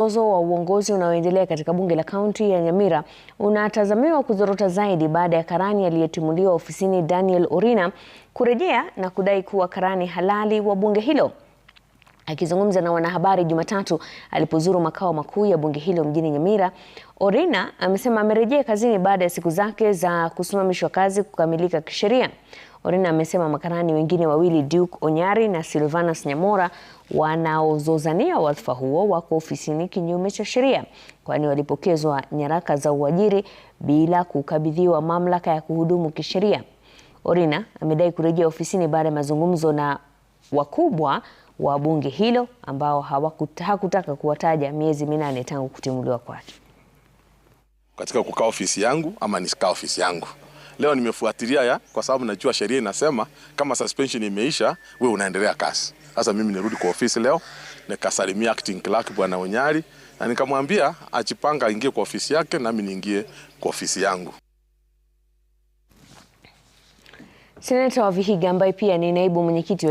Mzozo wa uongozi unaoendelea katika bunge la kaunti ya Nyamira unatazamiwa kuzorota zaidi baada ya karani aliyetimuliwa ofisini Daniel Orina kurejea na kudai kuwa karani halali wa bunge hilo. Akizungumza na wanahabari Jumatatu alipozuru makao makuu ya bunge hilo mjini Nyamira, Orina amesema amerejea kazini baada ya siku zake za kusimamishwa kazi kukamilika kisheria. Orina amesema makarani wengine wawili Duke Onyari na Silvanus Nyamora wanaozozania wadhifa huo wako ofisini kinyume cha sheria, kwani walipokezwa nyaraka za uajiri bila kukabidhiwa mamlaka ya kuhudumu kisheria. Orina amedai kurejea ofisini baada ya mazungumzo na wakubwa wa bunge hilo ambao hakutaka kuwataja miezi minane tangu kutimuliwa kwake. Katika kukaa ofisi yangu ama nisikaa ofisi yangu Leo nimefuatilia ya kwa sababu najua sheria inasema kama suspension imeisha, we unaendelea kazi. Sasa mimi nirudi kwa ofisi leo, nikasalimia acting clerk bwana Onyari na nikamwambia ajipanga aingie kwa ofisi yake, nami niingie kwa ofisi yangu. Seneta wa Vihiga ambaye pia ni naibu mwenyekiti wa